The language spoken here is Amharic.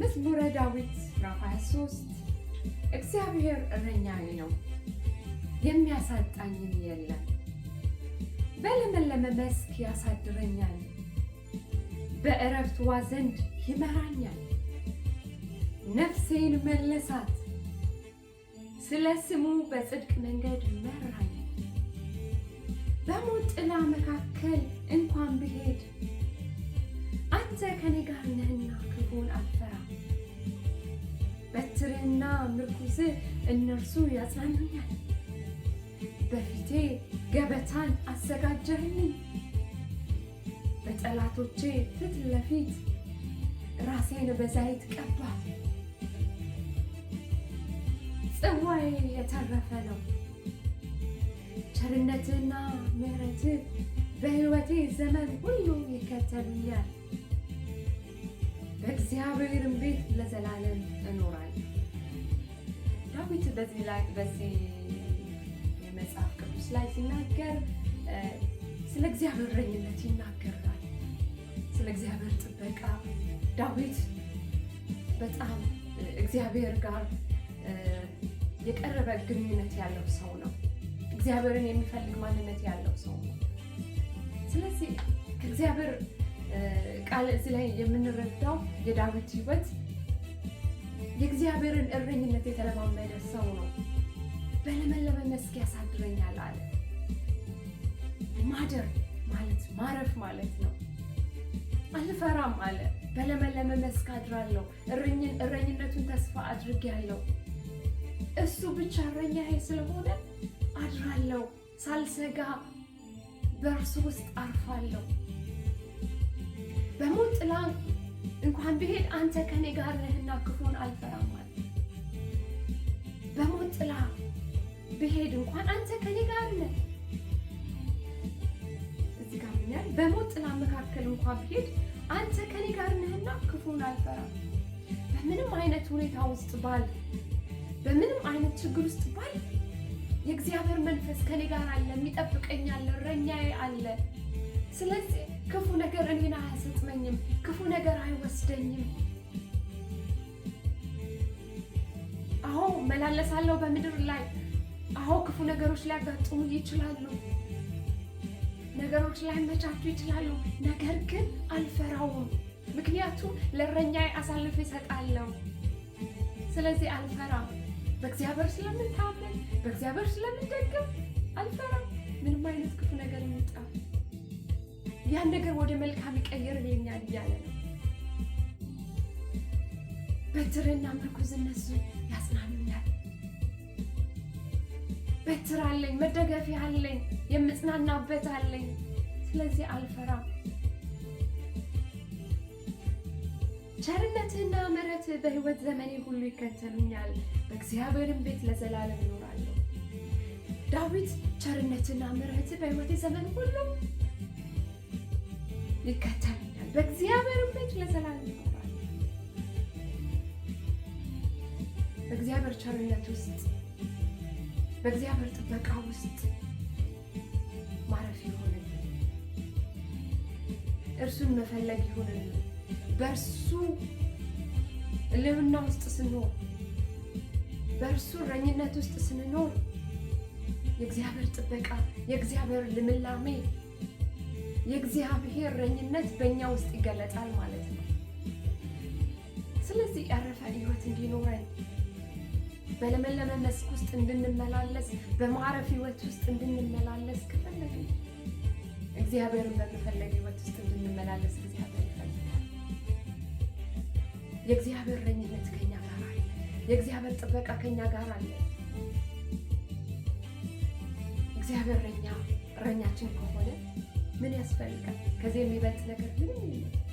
መዝሙረ ዳዊት ምዕራፍ 23 እግዚአብሔር እረኛዬ ነው፣ የሚያሳጣኝም የለም። በለመለመ መስክ ያሳድረኛል፣ በእረፍት ውኃ ዘንድ ይመራኛል። ነፍሴን መለሳት፣ ስለ ስሙ በጽድቅ መንገድ መራኝ። በሞት ጥላ መካከል ጊዜ እነርሱ ያጽናኑኛል። በፊቴ ገበታን አዘጋጀህልኝ፣ በጠላቶቼ ፊት ለፊት ራሴን በዘይት ቀባ። ጽዋዬ የተረፈ ነው። ቸርነትና ምሕረት በሕይወቴ ዘመን ሁሉ ይከተሉኛል። በእግዚአብሔርም ቤት ለዘላለም እኖራለሁ። ዳዊት በዚህ ላይ በዚህ የመጽሐፍ ቅዱስ ላይ ሲናገር ስለ እግዚአብሔር ረኝነት ይናገራል። ስለ እግዚአብሔር ጥበቃ ዳዊት በጣም እግዚአብሔር ጋር የቀረበ ግንኙነት ያለው ሰው ነው። እግዚአብሔርን የሚፈልግ ማንነት ያለው ሰው ነው። ስለዚህ ከእግዚአብሔር ቃል እዚህ ላይ የምንረዳው የዳዊት ህይወት የእግዚአብሔርን እረኝነት የተለማመደ ሰው ነው። በለመለመ መስክ ያሳድረኛል አለ። ማደር ማለት ማረፍ ማለት ነው። አልፈራም አለ። በለመለመ መስክ አድራለሁ፣ እረኝነቱን ተስፋ አድርጌያለሁ። እሱ ብቻ እረኛዬ ስለሆነ አድራለሁ፣ ሳልሰጋ በእርሱ ውስጥ አርፋለሁ። በሞት ጥላ እንኳን ብሄድ አንተ ከኔ ጋር ነህና ክፉን አልፈራማል። በሞት ጥላ ብሄድ እንኳን አንተ ከኔ ጋር ነህ። እዚህ ጋር ምናል በሞት ጥላ መካከል እንኳን ብሄድ አንተ ከኔ ጋር ነህና ክፉን አልፈራም። በምንም አይነት ሁኔታ ውስጥ ባል፣ በምንም አይነት ችግር ውስጥ ባል፣ የእግዚአብሔር መንፈስ ከኔ ጋር አለ፣ የሚጠብቀኝ አለ፣ እረኛዬ አለ ስለዚህ ክፉ ነገር እኔን አያሰጥመኝም፣ ክፉ ነገር አይወስደኝም። አዎ መላለሳለሁ በምድር ላይ። አዎ ክፉ ነገሮች ሊያጋጥሙ ይችላሉ፣ ነገሮች ላይመቻቹ ይችላሉ። ነገር ግን አልፈራውም፣ ምክንያቱም ለእረኛ አሳልፍ ይሰጣለሁ። ስለዚህ አልፈራም። በእግዚአብሔር ስለምንታመን፣ በእግዚአብሔር ስለምንደግፍ አልፈራም። ምንም አይነት ክፉ ነገር ይምጣ ያን ነገር ወደ መልካም ይቀይርልኛል እያለ ነው። በትርና ምርኩዝ እነሱ ያጽናኑኛል። በትር አለኝ፣ መደገፊያ አለኝ፣ የምጽናናበት አለኝ። ስለዚህ አልፈራም። ቸርነትህና ምረት በሕይወት ዘመኔ ሁሉ ይከተሉኛል፣ በእግዚአብሔርም ቤት ለዘላለም እኖራለሁ። ዳዊት ቸርነትና ምረት በሕይወቴ ዘመን ሁሉ ሊከተል ይላል። በእግዚአብሔር ቤት ለዘላለም ይኖራል። በእግዚአብሔር ቸርነት ውስጥ፣ በእግዚአብሔር ጥበቃ ውስጥ ማረፍ ይሆንልን። እርሱን መፈለግ ይሆንልን። በእርሱ ልብና ውስጥ ስንኖር፣ በእርሱ እረኝነት ውስጥ ስንኖር የእግዚአብሔር ጥበቃ የእግዚአብሔር ልምላሜ የእግዚአብሔር እረኝነት በእኛ ውስጥ ይገለጣል ማለት ነው። ስለዚህ ያረፈ ህይወት እንዲኖረን በለመለመ መስክ ውስጥ እንድንመላለስ በማረፍ ህይወት ውስጥ እንድንመላለስ ከፈለግን እግዚአብሔርን በመፈለግ ሕይወት ውስጥ እንድንመላለስ እግዚአብሔር ይፈልጋል። የእግዚአብሔር እረኝነት ከኛ ጋር አለ። የእግዚአብሔር ጥበቃ ከኛ ጋር አለ። እግዚአብሔር እረኛ እረኛችን ከሆነ ምን ያስፈልጋል? ከዚህ የሚበልጥ ነገር ምንም የለም።